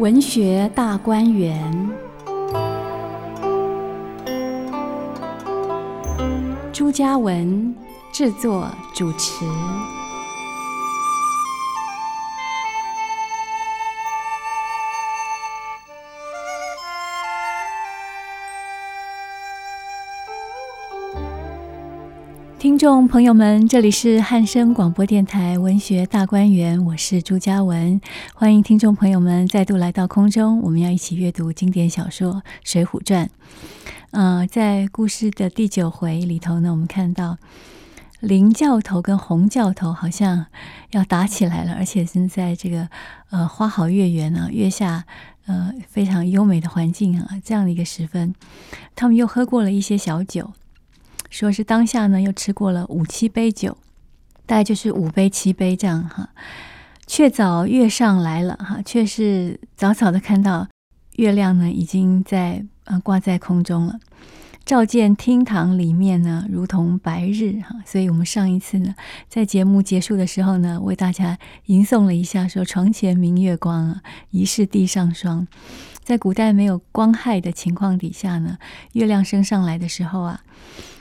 文學大觀園，朱家文製作主持。聽眾朋友們，這裡是漢聲廣播電台文學大觀園，我是朱家文，歡迎聽眾朋友們再度來到空中，我們要一起閱讀經典小說《水滸傳》。呃，在故事的第九回裡頭呢，我們看到林教頭跟洪教頭好像要打起來了，而且正在這個呃花好月圓呢、啊，月下呃非常優美的環境啊，這樣的一個時分，他們又喝過了一些小酒。說是當下呢，又吃過了五七杯酒，大概就是五杯七杯這樣哈。卻早月上來了哈，卻是早早的看到月亮呢，已經在啊、呃、掛在空中了，照見廳堂裡面呢，如同白日哈。所以我們上一次呢，在節目結束的時候呢，為大家吟誦了一下，說“床前明月光，疑是地上霜”。在古代沒有光害的情況底下呢，月亮升上來的時候啊。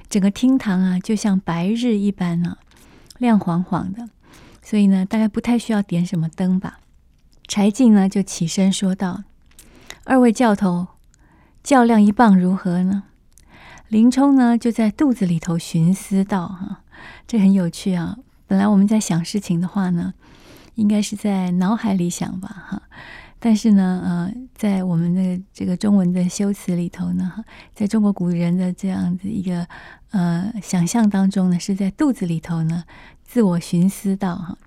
整個廳堂啊，就像白日一般呢、啊，亮晃晃的，所以呢，大概不太需要點什麼燈吧。柴進呢就起身說道：“二位教頭，較量一棒如何呢？”林沖呢就在肚子裡頭尋思道：“哈、啊，這很有趣啊。本來我們在想事情的話呢，應該是在腦海裡想吧，哈、啊。但是呢，呃，在我們的這個中文的修辭裡頭呢，哈，在中國古人的這樣子一個。”呃，想象當中呢，是在肚子裡頭呢，自我尋思道哈，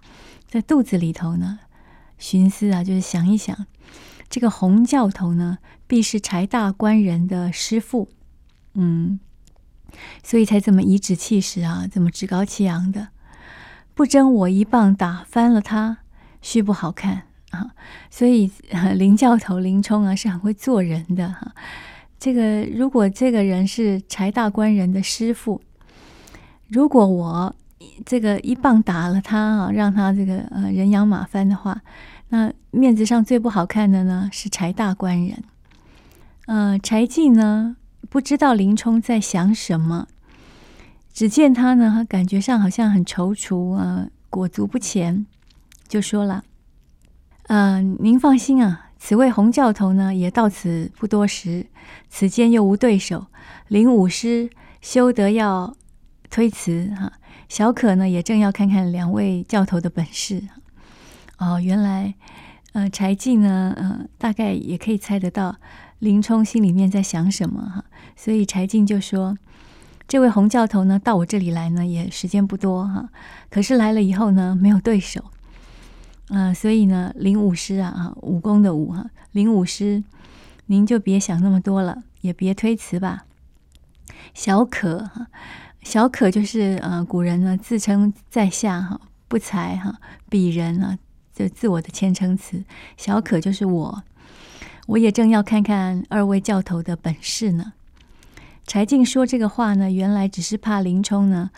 在肚子裡頭呢，尋思啊，就是想一想，這個洪教頭呢，必是柴大官人的師傅，嗯，所以才這麼頤指氣使啊，這麼趾高氣昂的，不爭我一棒打翻了他，須不好看啊，所以林教頭林沖啊，是很會做人的哈。這個如果這個人是柴大官人的師傅，如果我這個一棒打了他啊，讓他這個呃人仰馬翻的話，那面子上最不好看的呢是柴大官人。呃，柴進呢不知道林沖在想什麼，只見他呢他感覺上好像很躊躇啊，呃，裹足不前，就說了：“嗯、呃，您放心啊。”此位洪教頭呢，也到此不多時，此間又無對手，林武師休得要推辭哈。小可呢，也正要看看兩位教頭的本事。哦，原來，嗯、呃、柴進呢，呃，大概也可以猜得到林沖心裡面在想什麼哈。所以柴進就說：“這位洪教頭呢，到我這裡來呢，也時間不多哈。可是來了以後呢，沒有對手。”嗯、呃，所以呢，林武師啊，哈，武功的武哈，啊，林武師，您就別想那麼多了，也別推辭吧。小可哈，小可就是呃，古人呢自稱在下哈，不才哈，鄙人啊，就自我的謙稱詞。小可就是我，我也正要看看二位教頭的本事呢。柴進說這個話呢，原來只是怕林沖呢，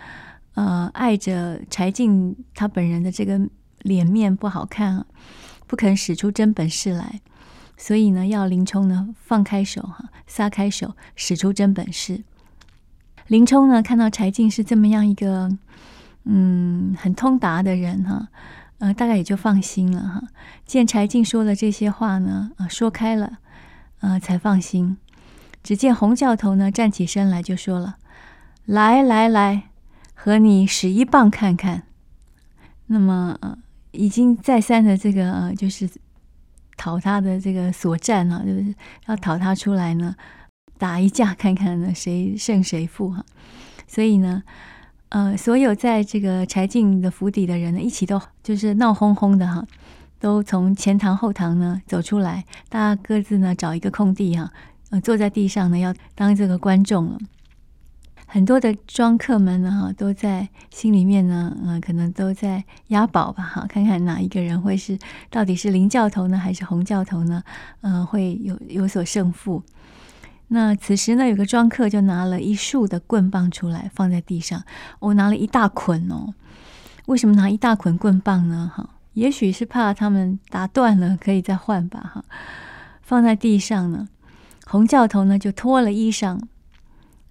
呃，礙着柴進他本人的這個。臉面不好看啊，不肯使出真本事來，所以呢，要林沖呢放開手哈，撒開手，使出真本事。林沖呢看到柴進是這麼樣一個，嗯，很通達的人哈，呃，大概也就放心了哈。見柴進說了這些話呢，啊，說開了，啊、呃，才放心。只見洪教頭呢站起身來就說了：“來來來，和你使一棒看看。”那麼，呃。已經再三的這個呃，就是討他的這個所戰了、啊，就是要討他出來呢，打一架看看呢，誰勝誰負哈、啊。所以呢，呃，所有在這個柴進的府邸的人呢，一起都就是鬧哄哄的哈、啊，都從前堂後堂呢走出來，大家各自呢找一個空地哈、啊，呃，坐在地上呢，要當這個觀眾了。很多的莊客們呢，哈，都在心裡面呢，嗯、呃，可能都在押寶吧，哈，看看哪一個人會是，到底是林教頭呢，還是洪教頭呢，嗯、呃，會有有所勝負。那此時呢，有個莊客就拿了一束的棍棒出來，放在地上。我、哦、拿了一大捆哦，為什麼拿一大捆棍棒呢？哈，也許是怕他們打斷了，可以再換吧，哈。放在地上呢，洪教頭呢就脫了衣裳。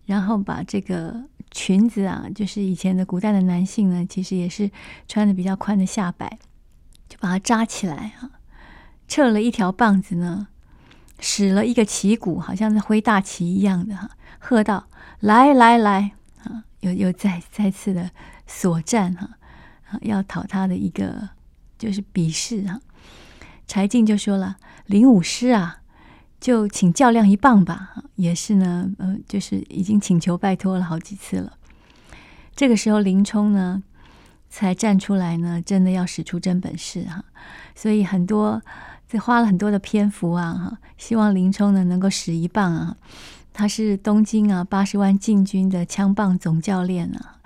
然後把這個裙子啊，就是以前的古代的男性呢，其實也是穿的比較寬的下擺，就把它扎起來啊，撤了一條棒子呢，使了一個旗鼓，好像是揮大旗一樣的哈，喝道：“來來來！”啊，又又再再次的索戰哈，啊，要討他的一個就是比試啊，柴進就說了：“林武師啊。”就請較量一棒吧，也是呢，嗯、呃，就是已經請求拜托了好幾次了。這個時候，林沖呢才站出來呢，真的要使出真本事哈、啊。所以很多，這花了很多的篇幅啊哈，希望林沖呢能夠使一棒啊。他是東京啊八十萬禁軍的槍棒總教練啊。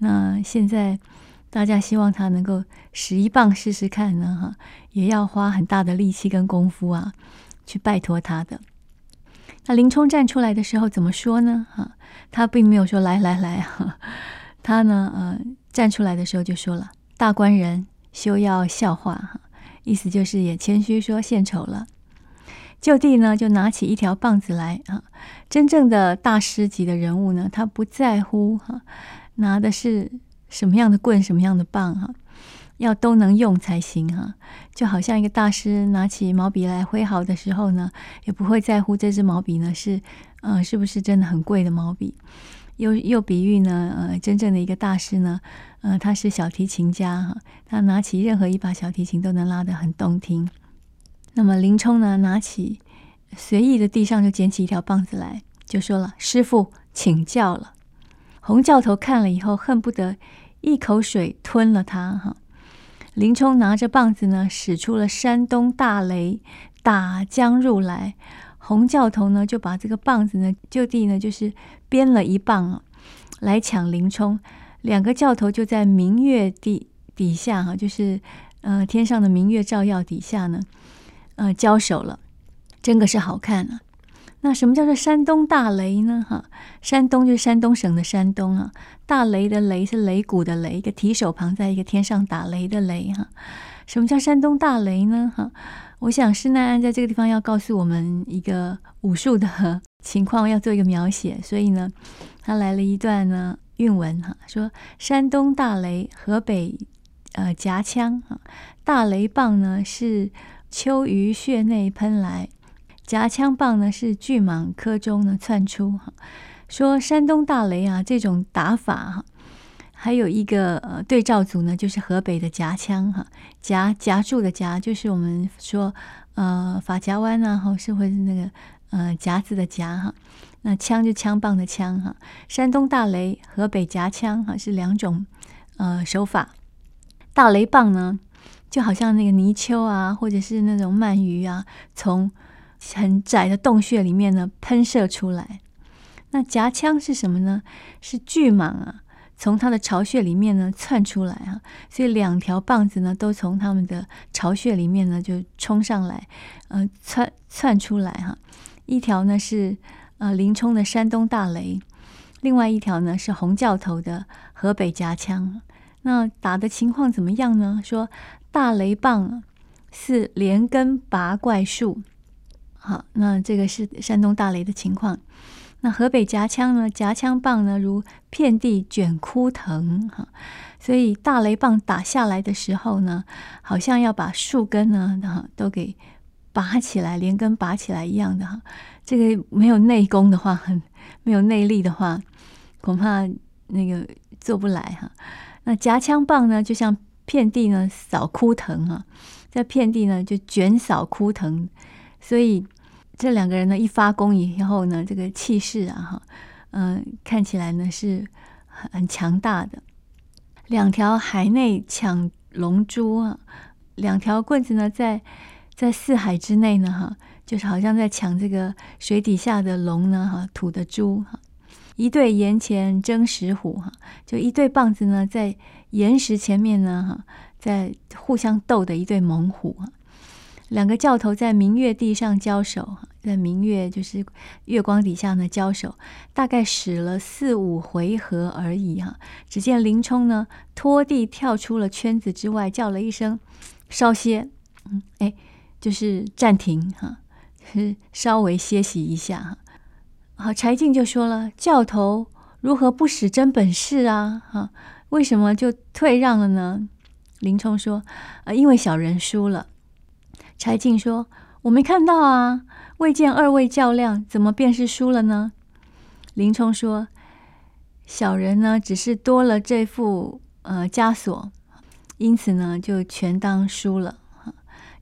那現在大家希望他能夠使一棒試試看呢哈，也要花很大的力氣跟功夫啊。去拜託他的，那林沖站出來的時候怎麼說呢？哈、啊，他並沒有說來來來啊，他呢，呃，站出來的時候就說了：“大官人，休要笑話哈、啊。”意思就是也謙虛說獻醜了，就地呢就拿起一條棒子來啊。真正的大師級的人物呢，他不在乎哈、啊，拿的是什麼樣的棍，什麼樣的棒哈、啊。要都能用才行哈、啊，就好像一個大師拿起毛筆來揮毫的時候呢，也不會在乎這支毛筆呢是，呃，是不是真的很貴的毛筆。又又比喻呢，呃，真正的一個大師呢，呃，他是小提琴家哈、啊，他拿起任何一把小提琴都能拉得很動聽。那麼林沖呢，拿起隨意的地上就撿起一條棒子來，就說了：“師傅，請教了。”洪教頭看了以後，恨不得一口水吞了他哈。啊林沖拿着棒子呢，使出了山東大擂打將入來，洪教頭呢就把這個棒子呢就地呢就是編了一棒啊，來搶林沖，兩個教頭就在明月底底下哈、啊，就是呃天上的明月照耀底下呢，呃交手了，真的是好看啊。那什麼叫做山東大雷呢？哈，山東就是山東省的山東啊。大雷的雷是擂鼓的擂，一個提手旁，在一個天上打雷的雷哈。什麼叫山東大雷呢？哈，我想施耐庵在這個地方要告訴我們一個武術的情況，要做一個描寫，所以呢，他來了一段呢韻文哈，說山東大雷，河北呃夾槍啊，大雷棒呢是秋魚穴內噴來。夾槍棒呢是巨蟒科中呢竄出哈，說山東大擂啊這種打法哈，還有一個呃對照組呢就是河北的夾槍哈，夾夾住的夾就是我們說呃髮夾彎啊哈，是或是那個呃夾子的夾哈，那槍就槍棒的槍哈，山東大擂河北夾槍哈是兩種呃手法，大擂棒呢就好像那個泥鰍啊或者是那種鰻魚啊從很窄的洞穴裡面呢，噴射出來。那夾槍是什麼呢？是巨蟒啊，從它的巢穴裡面呢竄出來啊。所以兩條棒子呢，都從他們的巢穴裡面呢就衝上來，呃，竄竄出來哈、啊。一條呢是呃林沖的山東大雷，另外一條呢是洪教頭的河北夾槍。那打的情況怎麼樣呢？說大雷棒啊，是連根拔怪樹。好，那這個是山東大雷的情況。那河北夾槍呢？夾槍棒呢，如遍地捲枯藤哈。所以大雷棒打下來的時候呢，好像要把樹根呢，哈，都給拔起來，連根拔起來一樣的哈。這個沒有內功的話，沒有內力的話，恐怕那個做不來哈。那夾槍棒呢，就像遍地呢掃枯藤啊，在遍地呢就捲掃枯藤。所以這兩個人呢，一發功以後呢，這個氣勢啊，哈，嗯，看起來呢是很很強大的。兩條海內搶龍珠啊，兩條棍子呢，在在四海之內呢，哈，就是好像在搶這個水底下的龍呢，哈，吐的珠哈。一對岩前爭石虎哈，就一對棒子呢，在岩石前面呢，哈，在互相鬥的一對猛虎啊。兩個教頭在明月地上交手，在明月就是月光底下呢交手，大概使了四五回合而已哈、啊。只見林沖呢拖地跳出了圈子之外，叫了一聲：“稍歇。”嗯，哎，就是暫停哈、啊，是稍微歇息一下哈。好，柴進就說了：“教頭如何不使真本事啊？哈、啊，為什麼就退讓了呢？”林沖說：“呃，因為小人輸了。”柴進說：“我沒看到啊，未見二位較量，怎麼便是輸了呢？”林沖說：“小人呢，只是多了這副呃枷鎖，因此呢，就權當輸了。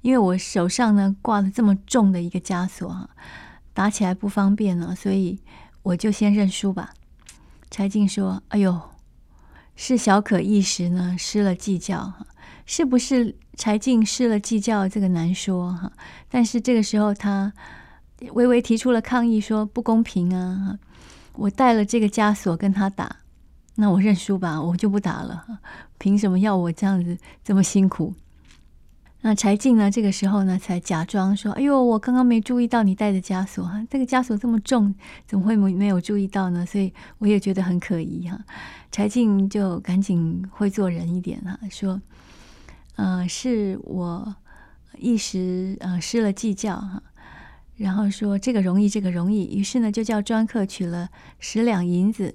因為我手上呢掛了這麼重的一個枷鎖，打起來不方便呢，所以我就先認輸吧。”柴進說：“哎呦，是小可一時呢失了計較，是不是？”柴進失了計較，這個難說哈。但是這個時候，他微微提出了抗議，說不公平啊！我帶了這個枷鎖跟他打，那我認輸吧，我就不打了。憑什麼要我這樣子這麼辛苦？那柴進呢？這個時候呢，才假裝說：“哎呦，我剛剛沒注意到你帶的枷鎖哈，這個枷鎖這麼重，怎麼會沒沒有注意到呢？”所以我也覺得很可疑哈。柴進就趕緊會做人一點哈，說。嗯、呃，是我一時呃失了計較哈，然後說這個容易，這個容易，於是呢就叫專客取了十兩銀子。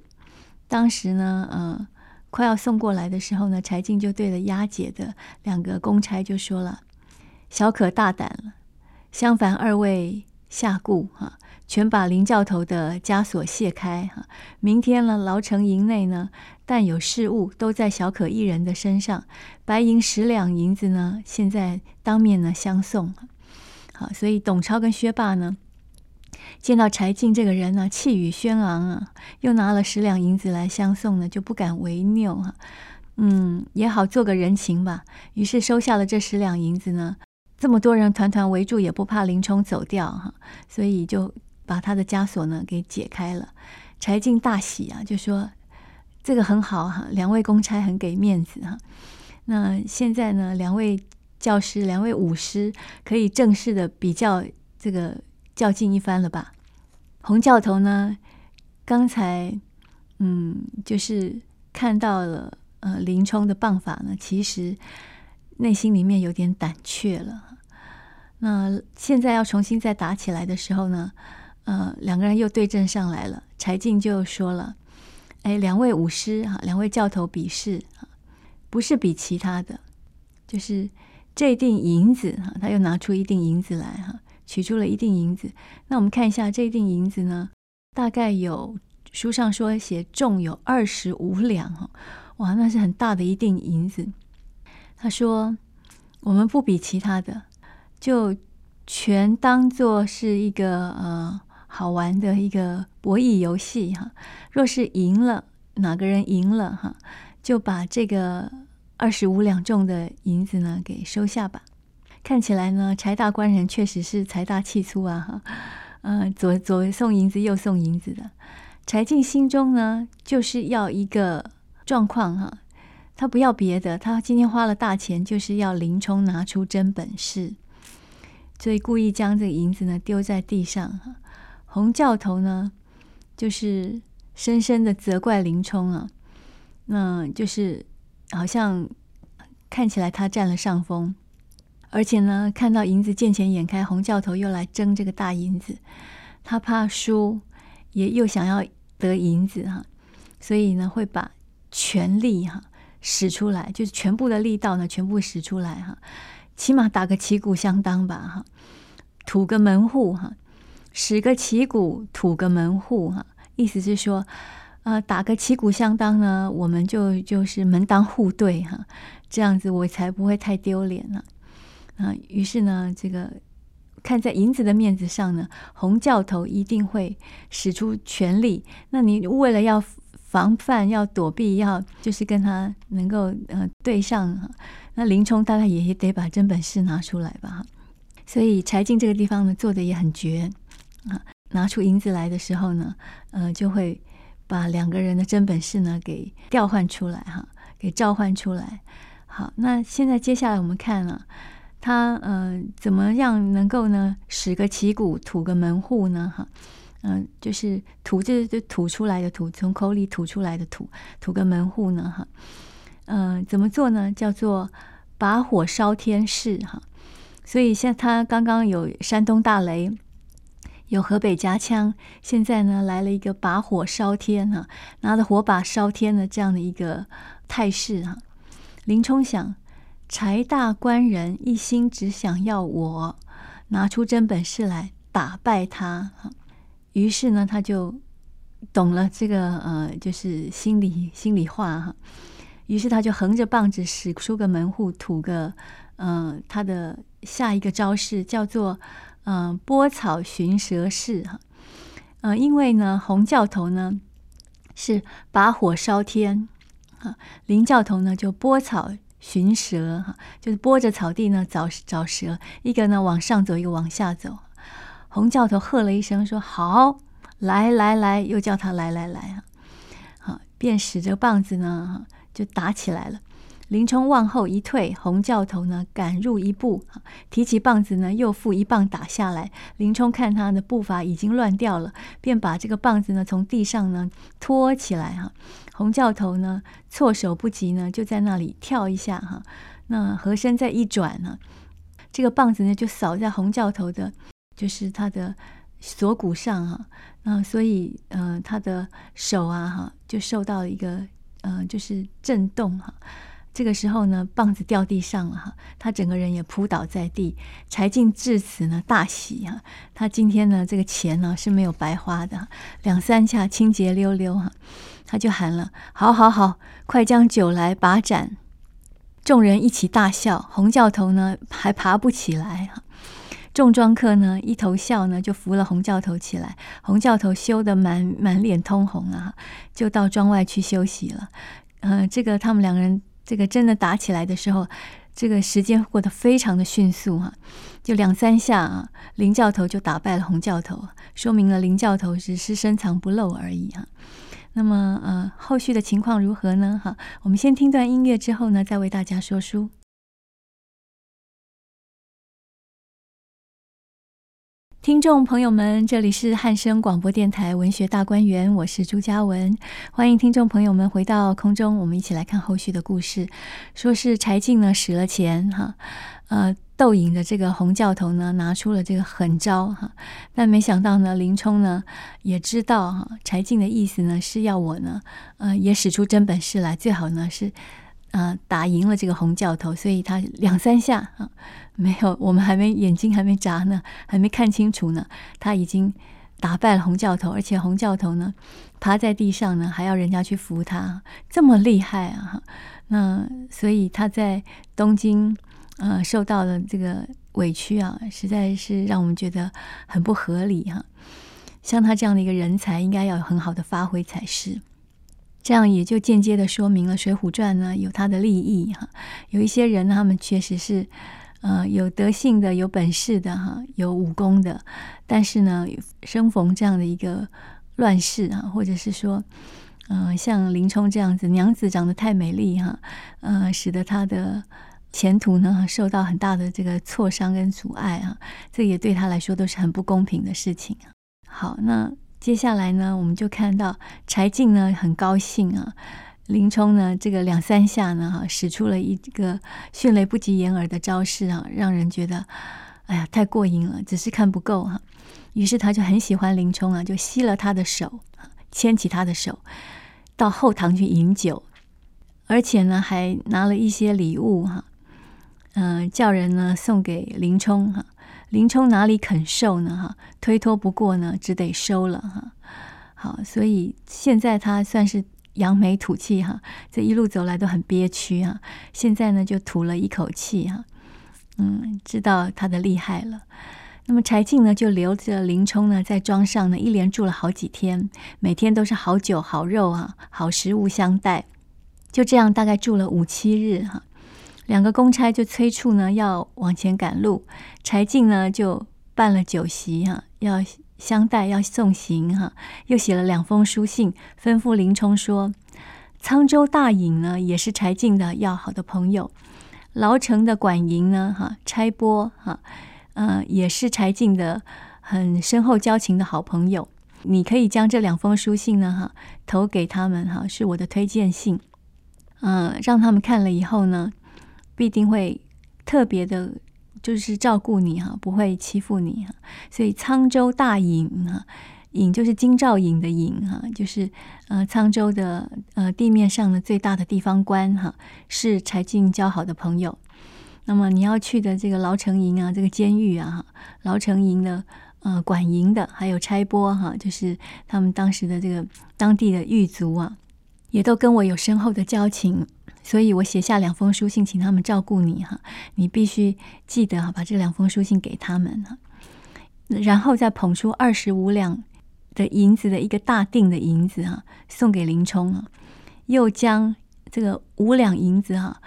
當時呢，嗯、呃，快要送過來的時候呢，柴進就對着押解的兩個公差就說了：“小可大膽了，相煩二位下顧哈。啊”全把林教頭的枷鎖卸開哈，明天呢牢城營內呢，但有事務都在小可一人的身上。白銀十兩銀子呢，現在當面呢相送。好，所以董超跟薛霸呢，見到柴進這個人呢、啊，氣宇軒昂啊，又拿了十兩銀子來相送呢，就不敢違拗哈。嗯，也好做個人情吧。於是收下了這十兩銀子呢。這麼多人團團圍住，也不怕林沖走掉哈。所以就。把他的枷鎖呢給解開了，柴進大喜啊，就說這個很好哈、啊，兩位公差很給面子哈、啊。那現在呢，兩位教師，兩位武師可以正式的比較這個較勁一番了吧？洪教頭呢，剛才嗯，就是看到了呃林沖的辦法呢，其實內心裡面有點膽怯了。那現在要重新再打起來的時候呢？呃，兩個人又對陣上來了。柴進就說了：“哎，兩位武師哈，兩位教頭比試哈，不是比其他的，就是這錠銀子哈，他又拿出一錠銀子來哈，取出了一錠銀子。那我們看一下這錠銀子呢，大概有書上說寫重有二十五兩哈，哇，那是很大的一錠銀子。他說：我們不比其他的，就全當做是一個呃。”好玩的一個博弈遊戲哈、啊，若是贏了哪個人贏了哈、啊，就把這個二十五兩重的銀子呢給收下吧。看起來呢，柴大官人確實是財大氣粗啊哈，呃、啊，左左送銀子，右送銀子的。柴進心中呢就是要一個狀況哈、啊，他不要別的，他今天花了大錢，就是要林沖拿出真本事，所以故意將這個銀子呢丟在地上哈。洪教頭呢，就是深深的責怪林沖啊，那就是好像看起來他占了上風，而且呢，看到銀子見錢眼開，洪教頭又來爭這個大銀子，他怕輸，也又想要得銀子哈、啊，所以呢，會把全力哈、啊、使出來，就是全部的力道呢，全部使出來哈、啊，起碼打個旗鼓相當吧哈，圖個門戶哈、啊。使個旗鼓，吐個門戶，哈、啊，意思是說，呃，打個旗鼓相當呢，我們就就是門當戶對，哈、啊，這樣子我才不會太丟臉了，啊，於是呢，這個看在銀子的面子上呢，洪教頭一定會使出全力。那你為了要防範、要躲避、要就是跟他能夠呃對上、啊，那林沖大概也得把真本事拿出來吧。所以柴進這個地方呢，做的也很絕。啊，拿出銀子來的時候呢，呃，就會把兩個人的真本事呢給調換出來哈、啊，給召喚出來。好，那現在接下來我們看了、啊、他呃怎麼樣能夠呢使個旗鼓，吐個門戶呢哈，嗯、啊呃，就是吐就是吐出來的吐，從口裡吐出來的吐，吐個門戶呢哈，嗯、啊呃，怎麼做呢？叫做把火燒天勢。哈、啊，所以現在他剛剛有山東大雷。有河北夾槍，現在呢來了一個把火燒天哈、啊，拿着火把燒天的這樣的一個態勢哈、啊。林沖想，柴大官人一心只想要我拿出真本事來打敗他，於是呢他就懂了這個呃就是心裡心裡話哈、啊。於是他就橫着棒子使出個門戶，吐個呃他的下一個招式叫做。嗯，撥草尋蛇式哈，呃、嗯，因為呢，洪教頭呢是把火燒天，啊，林教頭呢就撥草尋蛇哈，就是撥着草地呢找找蛇，一個呢往上走，一個往下走，洪教頭喝了一聲說：“好，來來來！”又叫他來來來啊，啊，便使着棒子呢，就打起來了。林沖往後一退，洪教頭呢趕入一步，提起棒子呢又復一棒打下來。林沖看他的步伐已經亂掉了，便把這個棒子呢從地上呢拖起來哈、啊。洪教頭呢措手不及呢就在那裡跳一下哈、啊，那和身再一轉呢、啊，這個棒子呢就掃在洪教頭的，就是他的鎖骨上哈、啊。那所以呃他的手啊哈就受到了一個呃就是震動哈、啊。這個時候呢，棒子掉地上了哈，他整個人也撲倒在地。柴進至此呢，大喜啊，他今天呢，這個錢呢、啊、是沒有白花的，兩三下清潔溜溜哈，他就喊了：“好好好，快將酒來把盞！”眾人一起大笑，洪教頭呢還爬不起來哈，眾莊客呢一頭笑呢，就扶了洪教頭起來。洪教頭羞得滿滿臉通紅啊，就到莊外去休息了。嗯、呃，這個他們兩個人。這個真的打起來的時候，這個時間過得非常的迅速哈、啊，就兩三下啊，林教頭就打敗了洪教頭，說明了林教頭只是深藏不露而已哈、啊。那麼呃，後續的情況如何呢？哈，我們先聽段音樂之後呢，再為大家說書。聽眾朋友們，這裡是漢聲廣播電臺文學大觀園，我是朱嘉雯，歡迎聽眾朋友們回到空中，我們一起來看後續的故事。說是柴進呢，使了錢哈，呃、啊，逗引的這個洪教頭呢拿出了這個狠招哈、啊，但沒想到呢，林沖呢也知道哈，柴進的意思呢是要我呢，呃，也使出真本事來，最好呢是。啊，打贏了這個洪教頭，所以他兩三下啊，沒有，我們還沒眼睛，還沒眨呢，還沒看清楚呢，他已經打敗了洪教頭，而且洪教頭呢，趴在地上呢，還要人家去扶他，這麼厲害啊！哈，那所以他在東京，呃，受到的這個委屈啊，實在是讓我們覺得很不合理哈啊。像他這樣的一個人才，應該要有很好的發揮才是。這樣也就間接的說明了《水滸傳》呢，有它的利益哈。有一些人，呢，他們確實是，呃，有德性的、有本事的哈、啊，有武功的。但是呢，生逢這樣的一個亂世啊，或者是說，呃，像林沖這樣子，娘子長得太美麗哈、啊，呃，使得他的前途呢受到很大的這個挫傷跟阻礙啊。這也對他來說都是很不公平的事情啊。好，那。接下來呢，我們就看到柴進呢很高興啊，林沖呢這個兩三下呢哈，使出了一個迅雷不及掩耳的招式啊，讓人覺得哎呀太過癮了，只是看不夠哈、啊。於是他就很喜歡林沖啊，就吸了他的手，牽起他的手到後堂去飲酒，而且呢還拿了一些禮物哈、啊，嗯、呃、叫人呢送給林沖哈、啊。林沖哪裡肯受呢？哈，推脫不過呢，只得收了哈。好，所以現在他算是揚眉吐氣哈。這一路走來都很憋屈哈，現在呢就吐了一口氣哈。嗯，知道他的厲害了。那麼柴進呢，就留着林沖呢在莊上呢，一連住了好幾天，每天都是好酒好肉啊，好食物相待。就這樣大概住了五七日哈。兩個公差就催促呢，要往前趕路。柴進呢就辦了酒席哈、啊，要相待，要送行哈、啊。又寫了兩封書信，吩咐林沖說：滄州大尹呢，也是柴進的要好的朋友；牢城的管營呢，哈、啊，差撥哈，嗯、啊呃，也是柴進的很深厚交情的好朋友。你可以將這兩封書信呢，哈、啊，投給他們哈、啊，是我的推薦信。嗯、啊，讓他們看了以後呢。必定會特別的，就是照顧你哈、啊，不會欺負你哈、啊。所以滄州大尹哈、啊，尹就是京兆尹的尹哈、啊，就是呃滄州的呃地面上的最大的地方官哈、啊，是柴進交好的朋友。那麼你要去的這個牢城營啊，這個監獄啊，牢城營的，呃管營的還有差撥哈，就是他們當時的這個當地的獄卒啊，也都跟我有深厚的交情。所以我寫下兩封書信，請他們照顧你哈。你必須記得哈，把這兩封書信給他們哈，然後再捧出二十五兩的銀子的一個大錠的銀子哈，送給林沖啊。又將這個五兩銀子哈，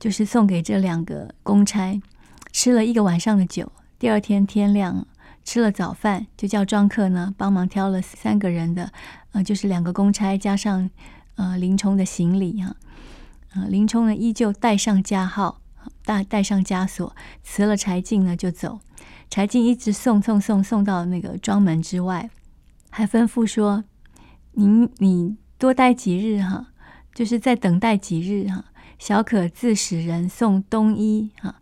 就是送給這兩個公差。吃了一個晚上的酒，第二天天亮吃了早飯，就叫莊客呢幫忙挑了三個人的，呃，就是兩個公差加上呃林沖的行李哈。啊、呃，林沖呢依舊戴上枷號，戴戴上枷鎖，辭了柴進呢就走。柴進一直送送送送到那個莊門之外，還吩咐說：“您你，你多待幾日哈、啊，就是再等待幾日哈、啊。小可自使人送冬衣哈、啊，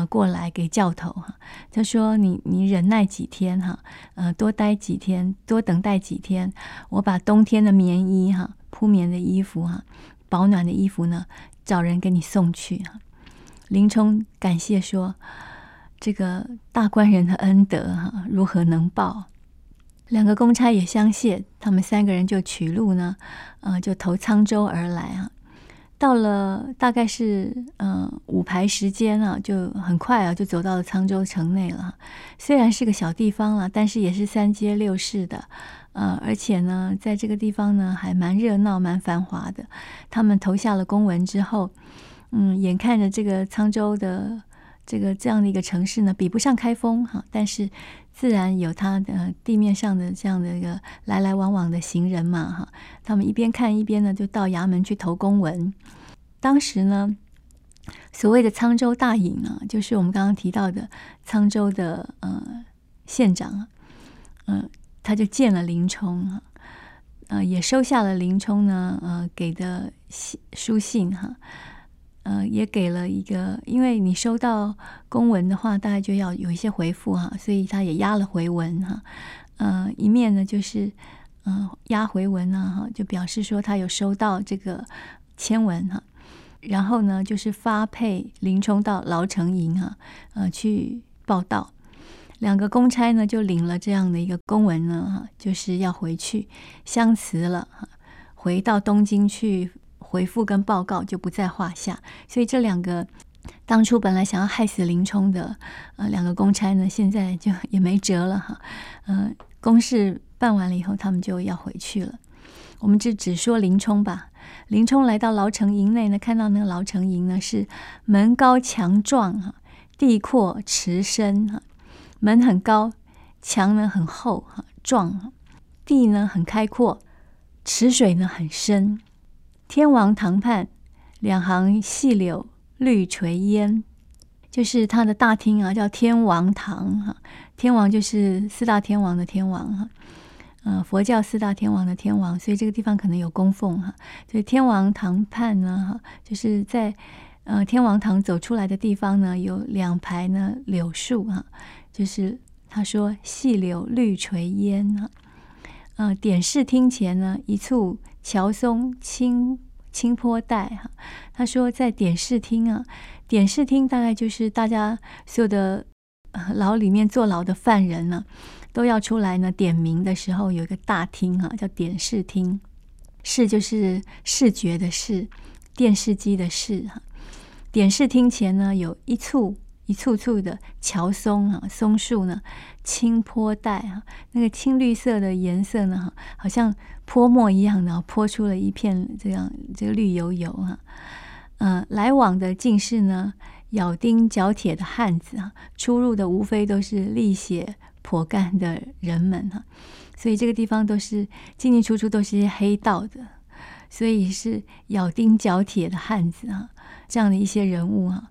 呃，過來給教頭哈。他、啊、說你你忍耐幾天哈、啊，呃，多待幾天，多等待幾天，我把冬天的棉衣哈、啊，鋪棉的衣服哈。啊”保暖的衣服呢，找人給你送去啊！林沖感謝說：“這個大官人的恩德啊，如何能報？”兩個公差也相謝，他們三個人就取路呢，呃，就投滄州而來啊。到了大概是嗯、呃、午牌時間啊，就很快啊，就走到了滄州城內了。雖然是個小地方了，但是也是三街六市的。呃、啊，而且呢，在這個地方呢，還蠻熱鬧、蠻繁華的。他們投下了公文之後，嗯，眼看着這個滄州的這個這樣的一個城市呢，比不上開封哈，但是自然有它的地面上的這樣的一個來來往往的行人嘛哈。他們一邊看一邊呢，就到衙門去投公文。當時呢，所謂的滄州大尹啊，就是我們剛剛提到的滄州的呃縣長，嗯、呃。他就見了林沖哈、啊，呃，也收下了林沖呢，呃，給的信書信哈、啊，呃，也給了一個，因為你收到公文的話，大概就要有一些回復哈、啊，所以他也壓了回文哈、啊，呃，一面呢就是，嗯、呃，壓回文啊哈，就表示說他有收到這個簽文哈、啊，然後呢就是發配林沖到牢城營哈、啊，呃，去報到。兩個公差呢，就領了這樣的一個公文呢，哈，就是要回去相辭了，哈，回到東京去回復跟報告就不在話下。所以這兩個當初本來想要害死林沖的，呃，兩個公差呢，現在就也沒轍了，哈，嗯，公事辦完了以後，他們就要回去了。我們就只說林沖吧。林沖來到牢城營內呢，看到那個牢城營呢是門高牆壯，哈，地闊池深，哈，門很高，牆呢很厚哈，壯，地呢很開闊，池水呢很深。天王堂畔兩行細柳綠垂煙，就是它的大廳啊，叫天王堂哈。天王就是四大天王的天王哈，嗯，佛教四大天王的天王，所以這個地方可能有供奉哈。所以天王堂畔呢哈，就是在呃天王堂走出來的地方呢，有兩排呢柳樹哈。就是他說：“細柳綠垂煙啊，呃，點視廳前呢，一簇喬松青青坡帶哈、啊。”他說在點視廳啊，點視廳大概就是大家所有的、啊、牢裡面坐牢的犯人呢、啊，都要出來呢點名的時候，有一個大廳哈、啊，叫點視廳，視就是視覺的視，電視機的、啊、視哈。點視廳前呢，有一簇。一簇簇的喬松啊，松樹呢，青坡帶啊，那個青綠色的顏色呢，好像潑墨一樣的啊，潑出了一片這樣這個綠油油啊。嗯，來往的盡是呢咬釘嚼鐵的漢子啊，出入的無非都是瀝血剖肝的人們哈、啊，所以這個地方都是進進出出都是些黑道的，所以是咬釘嚼鐵的漢子啊，這樣的一些人物啊。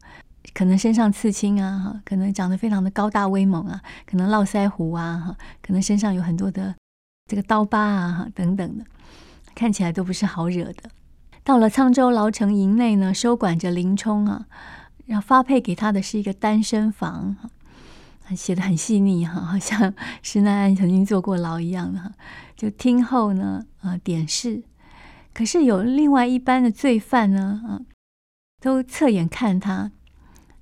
可能身上刺青啊，哈，可能長得非常的高大威猛啊，可能絡腮鬍啊，哈，可能身上有很多的這個刀疤啊，等等的，看起來都不是好惹的。到了滄州牢城營內呢，收管着林沖啊，然後發配給他的是一個單身房，啊，寫得很細膩哈，啊，好像施耐庵曾經坐過牢一樣的哈。就聽後呢，呃，啊，點視，可是有另外一般的罪犯呢，啊，都側眼看他。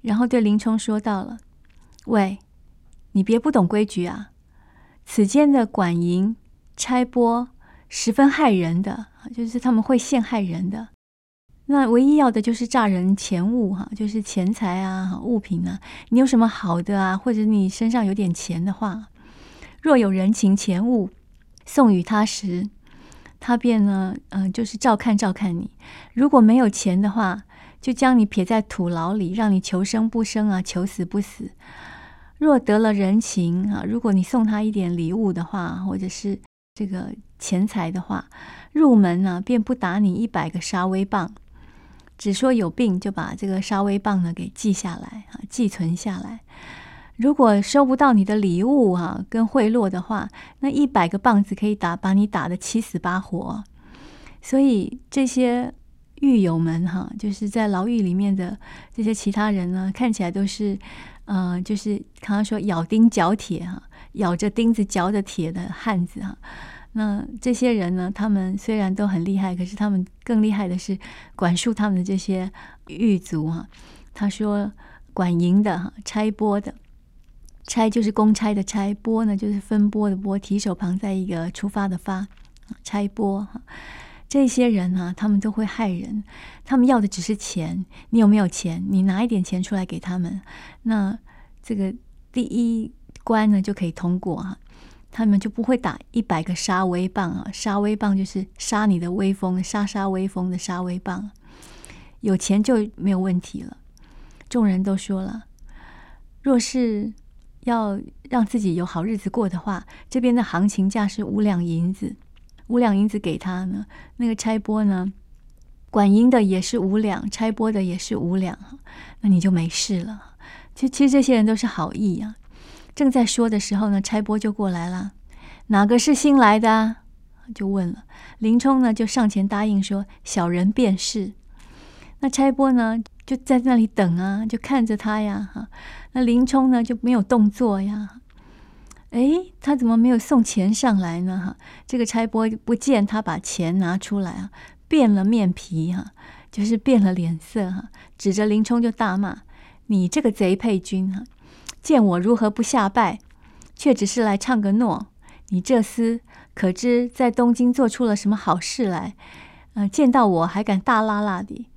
然後對林沖說：“到了，喂，你別不懂規矩啊！此間的管營差撥十分害人的，就是他們會陷害人的。那唯一要的就是詐人錢物哈、啊，就是錢財啊、物品啊。你有什麼好的啊，或者你身上有點錢的話，若有人情錢物送與他時，他便呢，嗯、呃，就是照看照看你。如果沒有錢的話，就將你撇在土牢裡，讓你求生不生啊，求死不死。若得了人情啊，如果你送他一點禮物的話，或者是這個錢財的話，入門呢、啊、便不打你一百個殺威棒，只說有病就把這個殺威棒呢給寄下來啊，寄存下來。如果收不到你的禮物啊，跟賄賂的話，那一百個棒子可以打，把你打得七死八活。所以這些。獄友們，哈，就是在牢獄裡面的這些其他人呢，看起來都是，呃，就是他說咬釘嚼鐵哈，咬着釘子嚼着鐵的漢子哈。那這些人呢，他們雖然都很厲害，可是他們更厲害的是管束他們的這些獄卒啊。他說，管營的哈，差撥的，差就是公差的差，撥撥撥呢就是分撥的撥，提手旁在一個出發的發，差撥。這些人呢、啊，他們都會害人，他們要的只是錢。你有沒有錢？你拿一點錢出來給他們，那這個第一關呢就可以通過啊。他們就不會打一百個殺威棒啊，殺威棒就是殺你的威風，殺殺威風的殺威棒。有錢就沒有問題了。眾人都說了，若是要讓自己有好日子過的話，這邊的行情價是五兩銀子。五兩銀子給他呢？那個差撥呢？管營的也是五兩，差撥的也是五兩，那你就沒事了。其實，其實這些人都是好意啊。正在說的時候呢，差撥就過來了。哪個是新來的？就問了。林沖呢，就上前答應說：“小人便是。”那差撥呢，就在那裡等啊，就看着他呀。哈，那林沖呢，就沒有動作呀。哎，他怎麼沒有送錢上來呢？哈，這個差撥不見他把錢拿出來啊，變了面皮哈、啊，就是變了臉色哈、啊，指着林沖就大罵：“你這個賊配軍哈，見我如何不下拜，卻只是來唱個諾？你這廝可知在東京做出了什麼好事來？嗯、呃，見到我還敢大拉拉的？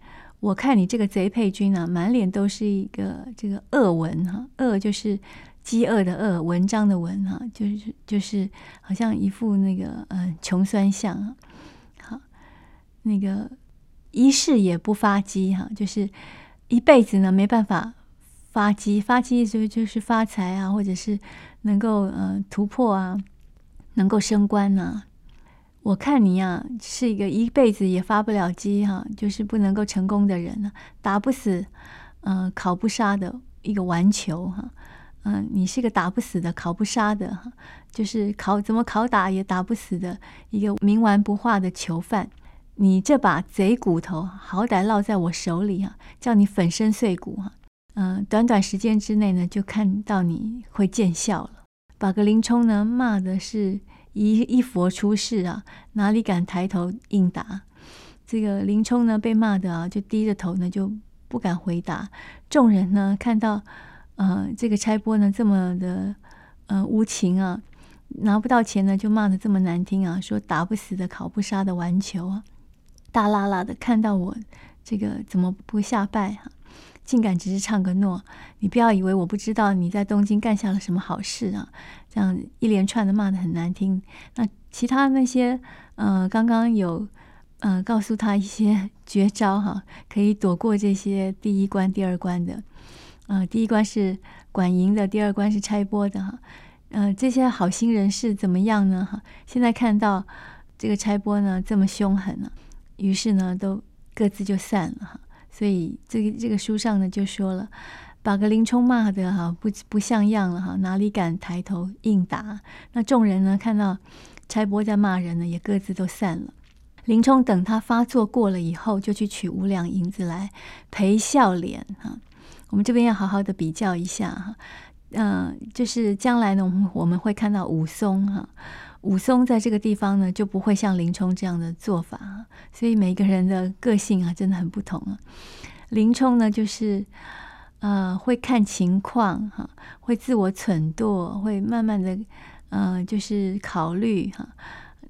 我看你這個賊配軍啊，滿臉都是一個這個惡紋、啊。哈，惡就是。”飢餓的餓，文章的文哈，就是就是，好像一副那個嗯窮酸相啊。好，那個一世也不發跡哈，就是一輩子呢沒辦法發跡，發跡就就是發財啊，或者是能夠嗯突破啊，能夠升官吶。我看你呀是一個一輩子也發不了跡哈，就是不能夠成功的人了，打不死，嗯拷不殺的一個頑球哈。嗯，你是個打不死的、拷不殺的，就是拷怎麼拷打也打不死的一個冥頑不化的囚犯。你這把賊骨頭，好歹落在我手裡啊，叫你粉身碎骨啊！嗯，短短時間之內呢，就看到你會見效了。把個林沖呢罵的是一一佛出世啊，哪裡敢抬頭應答？這個林沖呢被罵的啊，就低着頭呢就不敢回答。眾人呢看到。呃，這個差撥呢這麼的，呃，無情啊，拿不到錢呢就罵的這麼難聽啊，說打不死的、拷不殺的頑囚啊，大剌剌的看到我這個怎麼不下拜哈，啊，竟敢只是唱個喏，你不要以為我不知道你在東京幹下了什麼好事啊，這樣一連串的罵得很難聽。那其他那些呃，剛剛有呃告訴他一些絕招哈，啊，可以躲過這些第一關、第二關的。啊、呃，第一關是管營的，第二關是差撥的哈。嗯、呃，這些好心人士怎麼樣呢？哈，現在看到這個差撥呢這麼凶狠了，於是呢都各自就散了哈。所以這個這個書上呢就說了，把個林沖罵得哈不不像樣了哈，哪裡敢抬頭應答？那眾人呢看到差撥在罵人呢，也各自都散了。林沖等他發作過了以後，就去取五兩銀子來陪笑臉哈。我們這邊要好好的比較一下哈，嗯、呃，就是將來呢，我們我們會看到武松哈，武松在這個地方呢就不會像林沖這樣的做法，所以每個人的個性啊真的很不同啊。林沖呢就是，呃，會看情況哈，會自我忖度，會慢慢的，呃，就是考慮哈，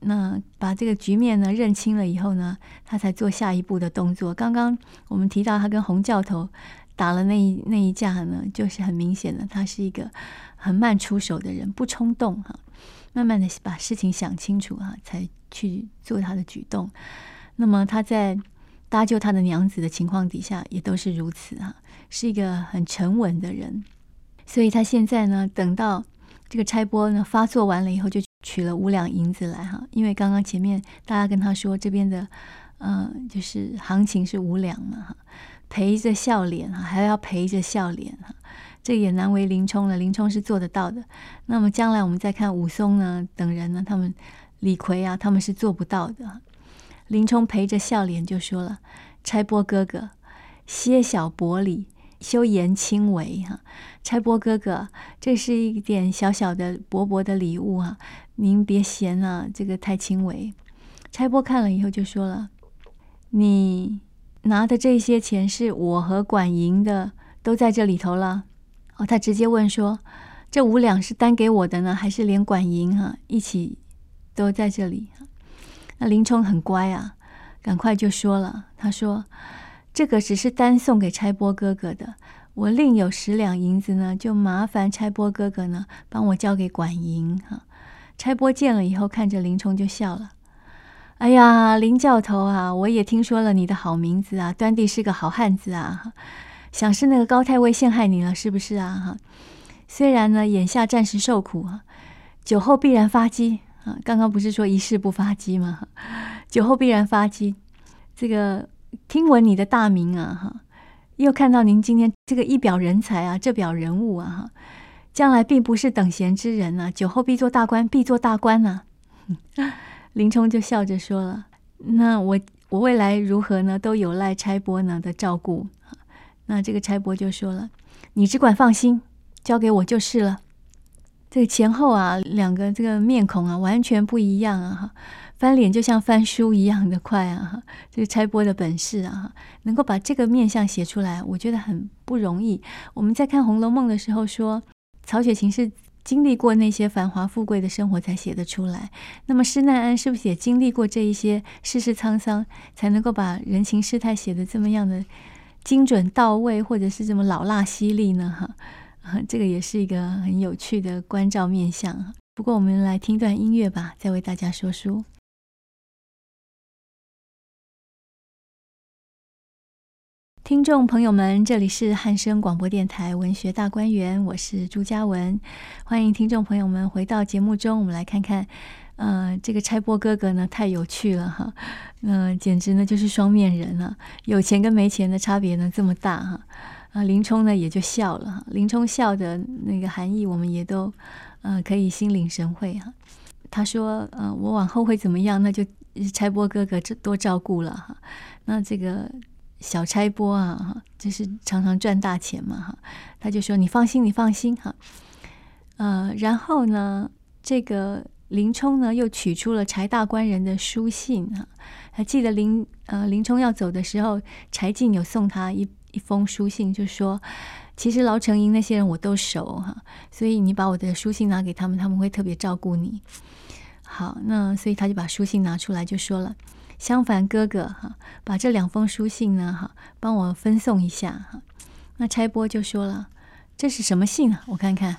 那把這個局面呢認清了以後呢，他才做下一步的動作。剛剛我們提到他跟洪教頭。打了那一那一架呢，就是很明顯的，他是一個很慢出手的人，不衝動哈、啊，慢慢的把事情想清楚哈、啊，才去做他的舉動。那麼他在搭救他的娘子的情況底下，也都是如此哈、啊，是一個很沉穩的人。所以他現在呢，等到這個差撥呢發作完了以後，就取了五兩銀子來哈、啊，因為剛剛前面大家跟他說這邊的，嗯、呃，就是行情是五兩嘛哈。陪着笑臉，還要陪着笑臉，這也難為林沖了。林沖是做得到的。那麼將來我們再看武松呢？等人呢？他們李逵啊，他們是做不到的。林沖陪着笑臉，就說了：“差撥哥哥，些小薄禮，休言輕微。’哈。”差撥哥哥，這是一點小小的薄薄的禮物哈、啊，您別嫌了、啊，這個太輕微。差撥看了以後就說了：“你。”拿的這些錢是我和管營的，都在這裡頭了。哦，他直接問說：“這五兩是單給我的呢，還是連管營哈、啊、一起都在這裡？”那林沖很乖啊，趕快就說了：“他說這個只是單送給差撥哥哥的，我另有十兩銀子呢，就麻煩差撥哥哥呢幫我交給管營哈。”差撥見了以後，看着林沖就笑了。哎呀，林教頭啊，我也聽說了你的好名字啊，端地是個好漢子啊！想是那個高太尉陷害你了，是不是啊？雖然呢，眼下暫時受苦啊，久後必然發跡啊。剛剛不是說一世不發跡嗎？久後必然發跡。這個聽聞你的大名啊，哈，又看到您今天這個一表人才啊，這表人物啊，將來並不是等閒之人啊，久後必做大官，必做大官啊。嗯林沖就笑着說了：“那我我未來如何呢？都有賴差撥呢的照顧。”那這個差撥就說了：“你只管放心，交給我就是了。”這個前後啊，兩個這個面孔啊，完全不一樣啊！哈，翻臉就像翻書一樣的快啊！哈，這個差撥的本事啊，能夠把這個面相寫出來，我覺得很不容易。我們在看《紅樓夢》的時候說，曹雪芹是。經歷過那些繁華富貴的生活，才寫得出來。那麼施耐庵是不是也經歷過這一些世事滄桑，才能夠把人情世態寫得這麼樣的精準到位，或者是這麼老辣犀利呢？哈、啊，這個也是一個很有趣的關照面相。不過我們來聽段音樂吧，再為大家說書。聽眾朋友們，這裡是漢聲廣播電臺文學大觀園，我是朱嘉雯，歡迎聽眾朋友們回到節目中。我們來看看，呃，這個差撥哥哥呢，太有趣了哈，嗯、呃，簡直呢就是雙面人了、啊，有錢跟沒錢的差別呢這麼大哈。啊、呃，林沖呢也就笑了，林沖笑的那個含義我們也都，呃，可以心領神會哈。他說，呃，我往後會怎麼樣？那就差撥哥哥這多照顧了哈。那這個。小差撥啊，哈，就是常常賺大錢嘛，哈、嗯。他就說：“你放心，你放心，哈。”呃，然後呢，這個林沖呢，又取出了柴大官人的書信，哈。還記得林呃林沖要走的時候，柴進有送他一一封書信，就說：“其實牢城營那些人我都熟，哈、啊，所以你把我的書信拿給他們，他們會特別照顧你。”好，那所以他就把書信拿出來，就說了。相反哥哥哈、啊，把這兩封書信呢哈、啊，幫我分送一下哈、啊。那差撥就說了：“這是什麼信啊？我看看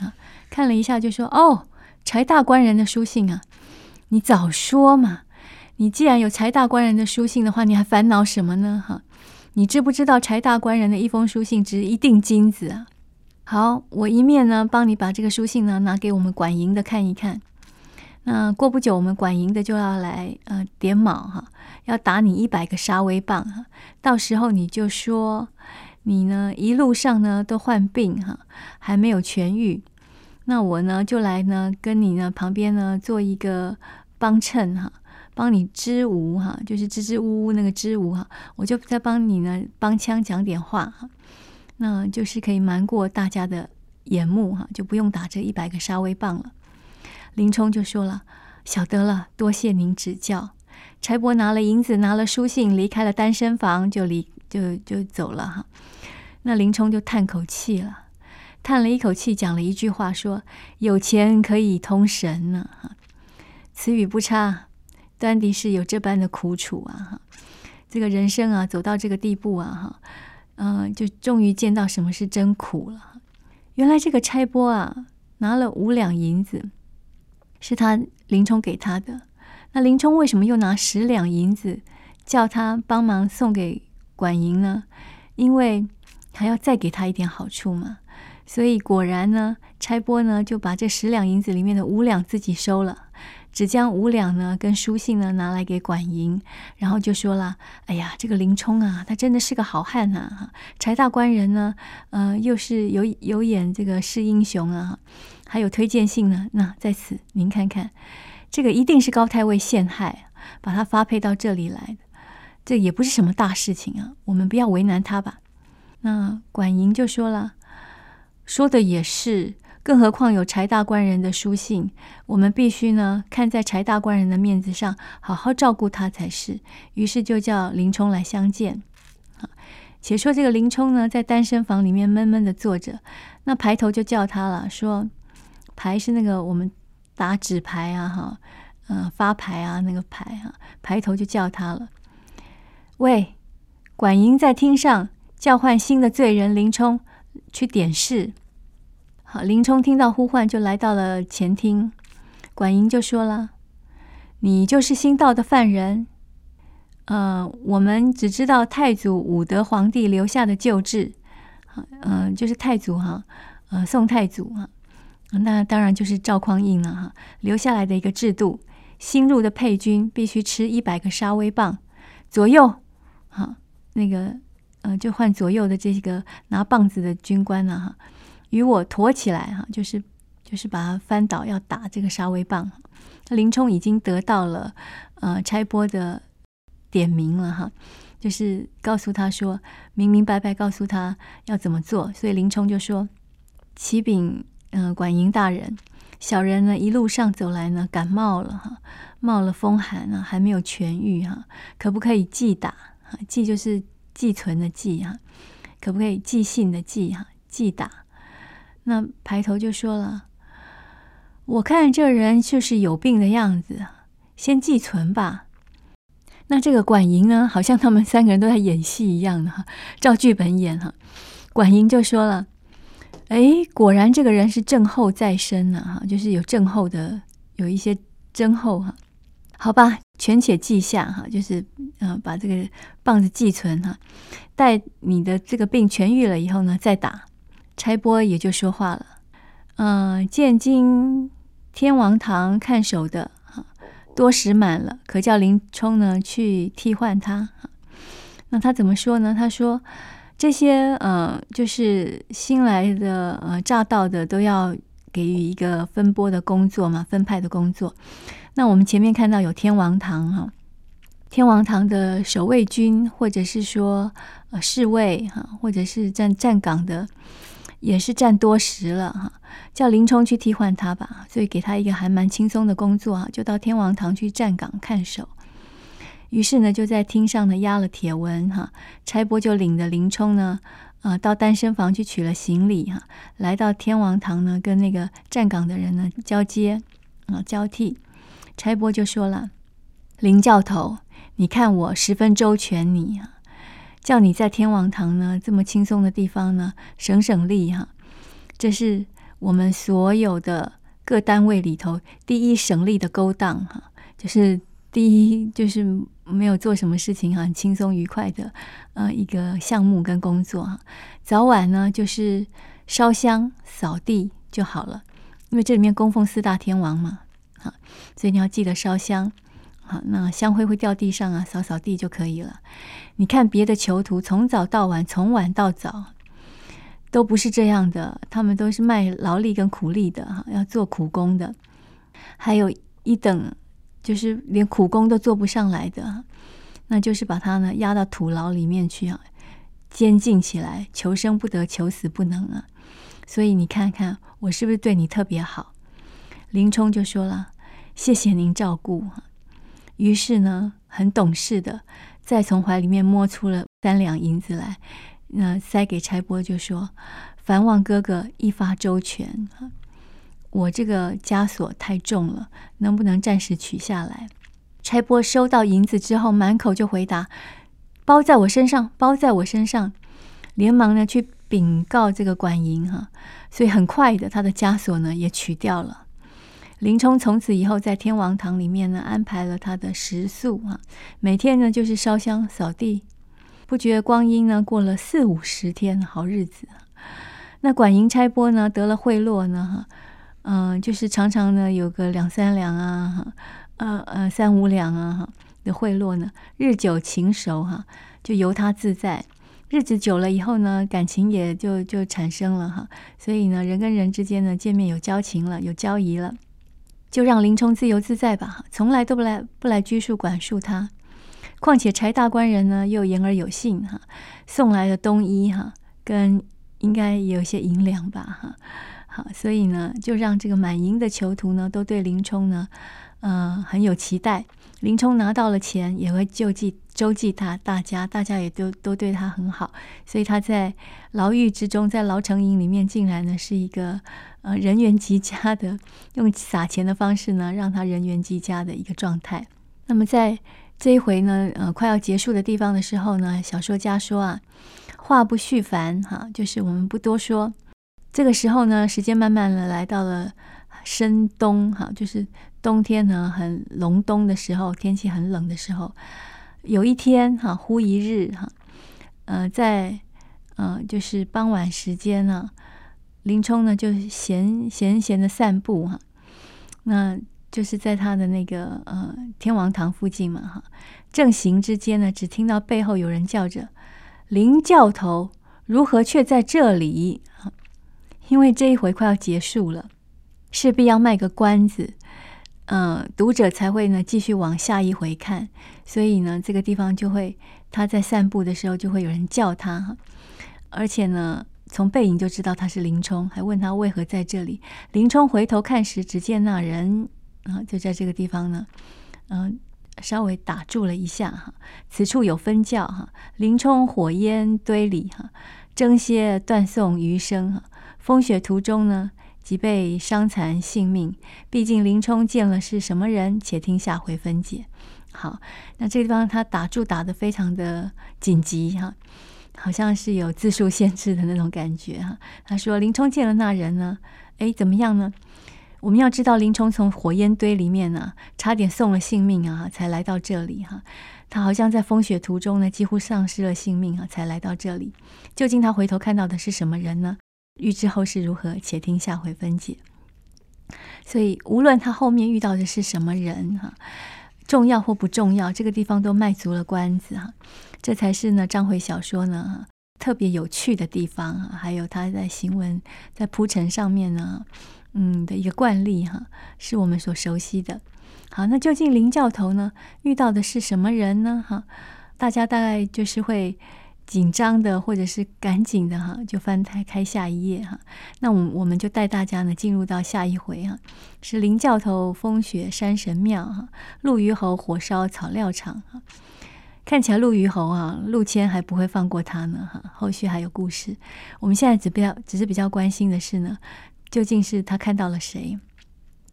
啊，看了一下就說：‘哦，柴大官人的書信啊！你早說嘛！你既然有柴大官人的書信的話，你還煩惱什麼呢？哈、啊！你知不知道柴大官人的一封書信值一錠金子啊？好，我一面呢幫你把這個書信呢拿給我們管營的看一看。”那過不久，我們管營的就要來，呃，點卯哈，要打你一百個殺威棒哈。到時候你就說，你呢一路上呢都患病哈，還沒有痊癒。那我呢就來呢跟你呢旁邊呢做一個幫襯哈，幫你支吾哈，就是支支吾吾那個支吾哈，我就再幫你呢幫腔講點話哈，那就是可以瞞過大家的眼目哈，就不用打這一百個殺威棒了。林沖就說了：“曉得了，多謝您指教。”差撥拿了銀子，拿了書信，離開了單身房，就離就就走了哈。那林沖就嘆口氣了，嘆了一口氣，講了一句話說：“有錢可以通神呢、啊。”哈，此語不差，端的是有這般的苦楚啊！哈，這個人生啊，走到這個地步啊，哈，嗯，就終於見到什麼是真苦了。原來這個差撥啊，拿了五兩銀子。是他林沖給他的，那林沖為什麼又拿十兩銀子叫他幫忙送給管營呢？因為還要再給他一點好處嘛。所以果然呢，差撥呢就把這十兩銀子裡面的五兩自己收了，只將五兩呢跟書信呢拿來給管營，然後就說啦：“哎呀，這個林沖啊，他真的是個好漢吶、啊！柴大官人呢，呃，又是有有眼這個識英雄啊。”還有推薦信呢。那在此，您看看，這個一定是高太尉陷害，把他發配到這裡來的。這也不是什麼大事情啊，我們不要為難他吧。那管營就說了，說的也是，更何況有柴大官人的書信，我們必須呢，看在柴大官人的面子上，好好照顧他才是。於是就叫林沖來相見。且說這個林沖呢，在單身房裡面悶悶的坐着，那排頭就叫他了，說。牌是那個我們打紙牌啊，哈，嗯，發牌啊，那個牌啊，牌頭就叫他了。喂，管營在廳上叫喚新的罪人林沖去點視。好，林沖聽到呼喚就來到了前廳，管營就說了：“你就是新到的犯人。呃，我們只知道太祖武德皇帝留下的舊制，嗯、呃，就是太祖哈、啊，呃，宋太祖哈、啊。”那當然就是趙匡胤了哈，留下來的一個制度，新入的配軍必須吃一百個殺威棒，左右，哈，那個，呃，就換左右的這個拿棒子的軍官了哈，與我馱起來哈，就是就是把他翻倒要打這個殺威棒。林沖已經得到了，呃，差撥的點名了哈，就是告訴他說明明白白告訴他要怎麼做，所以林沖就說：“啟稟。”嗯、呃，管營大人，小人呢一路上走來呢，感冒了哈，冒了風寒啊，還沒有痊愈哈，可不可以寄打？寄就是寄存的寄哈，可不可以寄信的寄哈，寄打？那牌頭，就說了，我看這人就是有病的樣子，先寄存吧。那這個管營呢，好像他們三個人都在演戲一樣的哈，照劇本演哈。管營就說了。誒，果然這個人是症候在身呢。哈，就是有症候的，有一些症候哈，好吧，權且記下哈、啊，就是嗯、呃，把這個棒子寄存哈、啊，待你的這個病痊癒了以後呢，再打。差撥也就說話了。嗯、呃，見今天王堂看守的哈多時滿了，可叫林沖呢去替換他。那他怎麼說呢？他說。這些呃，就是新來的呃，乍到的都要給予一個分撥的工作嘛，分派的工作。那我們前面看到有天王堂哈，天王堂的守衛軍或者是說呃侍衛哈，或者是站站崗的也是站多時了哈，叫林沖去替換他吧，所以給他一個還蠻輕鬆的工作啊，就到天王堂去站崗看守。於是呢，就在廳上呢押了帖文哈，差、啊、撥就領着林沖呢，啊，到單身房去取了行李哈、啊，來到天王堂呢，跟那個站崗的人呢交接，啊，交替，差撥就說了：“林教頭，你看我十分周全你啊，叫你在天王堂呢這麼輕鬆的地方呢省省力哈、啊，這是我們所有的各單位裡頭第一省力的勾當哈、啊，就是第一就是。”沒有做什麼事情啊，很輕鬆愉快的，呃，一個項目跟工作啊，早晚呢就是燒香掃地就好了，因為這裡面供奉四大天王嘛，啊，所以你要記得燒香，好，那香灰會掉地上啊，掃掃地就可以了。你看別的囚徒從早到晚，從晚到早，都不是這樣的，他們都是賣勞力跟苦力的哈，要做苦工的，還有一等。就是連苦工都做不上來的，那就是把他呢壓到土牢裡面去啊，監禁起來，求生不得，求死不能啊。所以你看看我是不是對你特別好？林沖就說了：“謝謝您照顧。”於是呢，很懂事的，再從懷裡面摸出了三兩銀子來，那塞給差撥，就說：“煩望哥哥一發周全。”我這個枷鎖太重了，能不能暫時取下來？差撥收到銀子之後，滿口就回答：“包在我身上，包在我身上。”連忙呢去稟告這個管營哈、啊，所以很快的，他的枷鎖呢也取掉了。林沖從此以後在天王堂裡面呢安排了他的食宿哈、啊，每天呢就是燒香掃地，不覺光陰呢過了四五十天好日子。那管營差撥呢得了賄賂呢哈。嗯，就是常常呢，有個兩三兩啊，哈、啊，呃、啊、呃，三五兩啊，哈的賄賂呢，日久情熟哈、啊，就由他自在。日子久了以後呢，感情也就就產生了哈，所以呢，人跟人之間呢，見面有交情了，有交誼了，就讓林沖自由自在吧，從來都不來不來拘束管束他。況且柴大官人呢，又言而有信哈，送來的冬衣哈、啊，跟應該有些銀兩吧哈。好，所以呢，就讓這個滿營的囚徒呢，都對林沖呢，呃，很有期待。林沖拿到了錢，也會救濟周濟他，大家，大家也都都對他很好。所以他在牢獄之中，在牢城營裡面進來呢，竟然呢是一個呃人緣極佳的，用撒錢的方式呢，讓他人緣極佳的一個狀態。那麼在這一回呢，呃，快要結束的地方的時候呢，小說家說啊，話不絮煩哈、啊，就是我們不多說。這個時候呢，時間慢慢的來到了深冬，哈，就是冬天呢，很隆冬的時候，天氣很冷的時候，有一天，哈，忽一日，哈，呃，在呃，就是傍晚時間呢，啊，林沖呢就閒閒閒的散步，哈，那就是在他的那個呃天王堂附近嘛，哈，正行之間呢，只聽到背後有人叫着：“林教頭，如何卻在這裡？”因為這一回快要結束了，勢必要賣個關子，嗯，讀者才會呢繼續往下一回看。所以呢，這個地方就會他在散步的時候就會有人叫他哈，而且呢，從背影就知道他是林沖，還問他為何在這裡。林沖回頭看時，只見那人啊、嗯、就在這個地方呢，嗯，稍微打住了一下哈。此處有分教哈，林沖火焰堆裡哈，爭些斷送餘生哈。風雪途中呢，幾被傷殘性命。畢竟林沖見了是什麼人？且聽下回分解。好，那這個地方他打住打得非常的緊急哈、啊，好像是有字數限制的那種感覺哈、啊。他說林沖見了那人呢，誒，怎麼樣呢？我們要知道林沖從火焰堆裡面呢、啊，差點送了性命啊，才來到這裡哈、啊。他好像在風雪途中呢，幾乎喪失了性命啊，才來到這裡。究竟他回頭看到的是什麼人呢？欲知後事如何，且聽下回分解。所以，無論他後面遇到的是什麼人哈、啊，重要或不重要，這個地方都賣足了關子哈、啊。這才是呢，章回小說呢、啊、特別有趣的地方，啊、還有他在行文在鋪陳上面呢，嗯的一個慣例哈、啊，是我們所熟悉的。好，那究竟林教頭呢遇到的是什麼人呢？哈、啊，大家大概就是會。緊張的，或者是趕緊的、啊，哈，就翻開開下一頁哈、啊。那我我們就帶大家呢進入到下一回哈、啊，是林教頭風雪山神廟哈，陸虞侯火燒草料場哈。看起來陸虞侯啊，陸謙還不會放過他呢哈。後續還有故事，我們現在只不要只是比較關心的是呢，究竟是他看到了誰？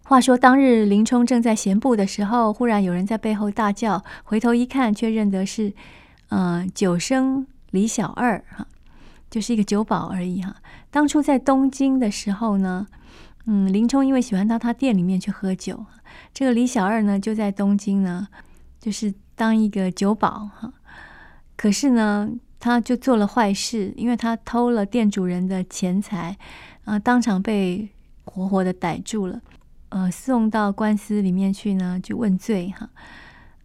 話說當日林沖正在閒步的時候，忽然有人在背後大叫，回頭一看，卻認得是嗯酒生。呃李小二哈，就是一個酒保而已哈。當初在東京的時候呢，嗯，林沖因為喜歡到他店裡面去喝酒，這個李小二呢就在東京呢，就是當一個酒保哈。可是呢，他就做了壞事，因為他偷了店主人的錢財，啊，當場被活活的逮住了，呃，送到官司裡面去呢就問罪哈，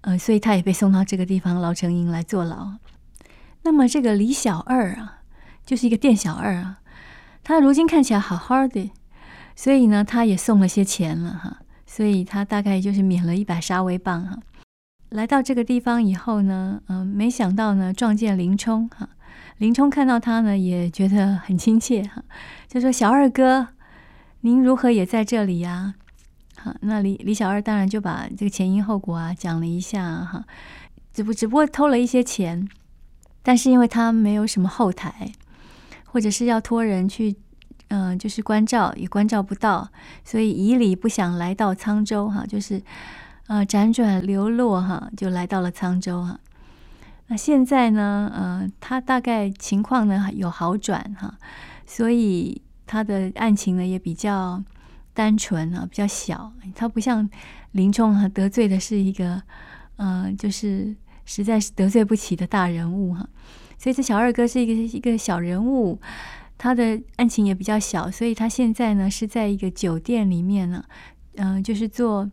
啊，呃，所以他也被送到這個地方牢城營來坐牢。那麼這個李小二啊，就是一個店小二啊，他如今看起來好好的，所以呢，他也送了些錢了哈，所以他大概就是免了一百殺威棒哈。來到這個地方以後呢，嗯、呃，沒想到呢，撞見林沖哈。林沖看到他呢，也覺得很親切哈，就說：“小二哥，您如何也在這裡呀、啊？”哈，那李李小二當然就把這個前因後果啊講了一下哈，只不只不過偷了一些錢。但是因為他沒有什麼後台，或者是要託人去，嗯、呃，就是關照也關照不到，所以以禮不想來到滄州哈、啊，就是，呃，輾轉流落哈、啊，就來到了滄州哈。那、啊啊、現在呢，呃，他大概情況呢有好轉哈、啊，所以他的案情呢也比較單純啊，比較小，他不像林沖哈得罪的是一個，呃，就是。實在是得罪不起的大人物哈，所以這小二哥是一個一個小人物，他的案情也比較小，所以他現在呢是在一個酒店裡面呢，嗯、呃，就是做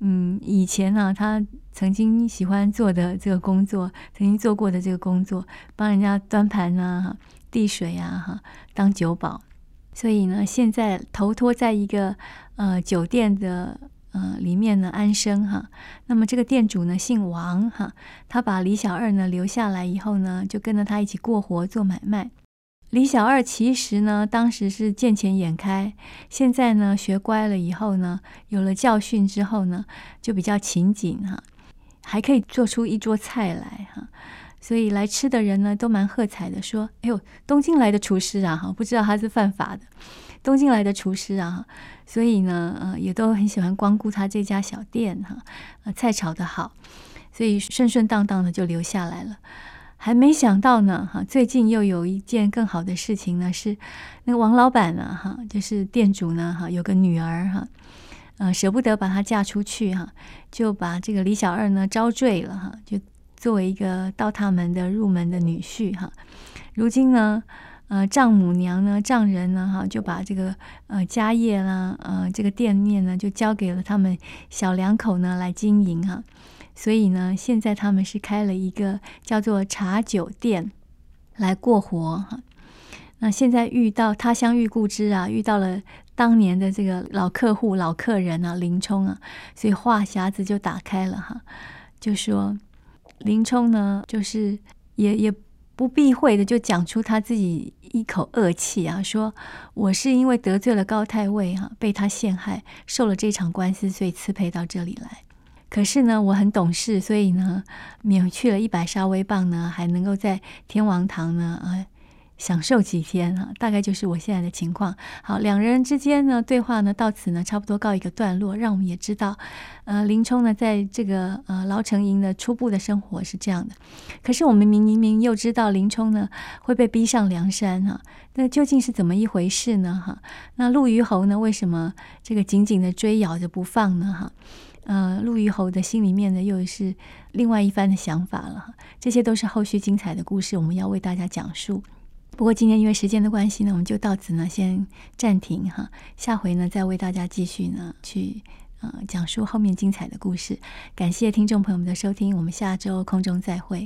嗯以前呢、啊、他曾經喜歡做的這個工作，曾經做過的這個工作，幫人家端盤吶、啊、遞水呀、啊、哈，當酒保，所以呢現在投托在一個呃酒店的。嗯、呃，裡面呢安生哈、啊，那麼這個店主呢姓王哈、啊，他把李小二呢留下來以後呢，就跟着他一起過活做買賣。李小二其實呢，當時是見錢眼開，現在呢學乖了以後呢，有了教訓之後呢，就比較勤謹哈、啊，還可以做出一桌菜來哈、啊，所以來吃的人呢都蠻喝彩的，說：“哎呦，東京來的廚師啊哈，不知道他是犯法的，東京來的廚師啊。”所以呢，呃，也都很喜歡光顧他這家小店哈，啊，菜炒得好，所以順順當當的就留下來了。還沒想到呢，哈、啊，最近又有一件更好的事情呢，是那個王老闆呢，哈、啊，就是店主呢，哈、啊，有個女兒哈，呃、啊，捨不得把她嫁出去哈、啊，就把這個李小二呢招贅了哈、啊，就作為一個倒插門的入門的女婿哈、啊，如今呢。呃，丈母娘呢，丈人呢，哈，就把這個呃家業啦、啊，呃，這個店面呢，就交給了他們小兩口呢來經營哈。所以呢，現在他們是開了一個叫做茶酒店來過活哈。那現在遇到他鄉遇故知啊，遇到了當年的這個老客戶、老客人啊，林沖啊，所以話匣子就打開了哈，就說林沖呢，就是也也。不避諱的就講出他自己一口惡氣啊，說我是因為得罪了高太尉啊，被他陷害，受了這場官司，所以刺配到這裡來。可是呢，我很懂事，所以呢，免去了一百殺威棒呢，還能夠在天王堂呢，啊享受幾天哈、啊，大概就是我現在的情況。好，兩人之間呢，對話呢到此呢差不多告一個段落，讓我們也知道，呃，林沖呢在這個呃牢城營的初步的生活是這樣的。可是我們明明明又知道林沖呢會被逼上梁山哈、啊，那究竟是怎麼一回事呢哈、啊？那陸虞侯呢為什麼這個緊緊的追咬着不放呢哈？呃、啊，陸虞侯的心裡面呢又是另外一番的想法了。這些都是後續精彩的故事，我們要為大家講述。不過今天因為時間的關係呢，我們就到此呢先暫停哈，下回呢再為大家繼續呢去呃講述後面精彩的故事。感謝聽眾朋友們的收聽，我們下周空中再會。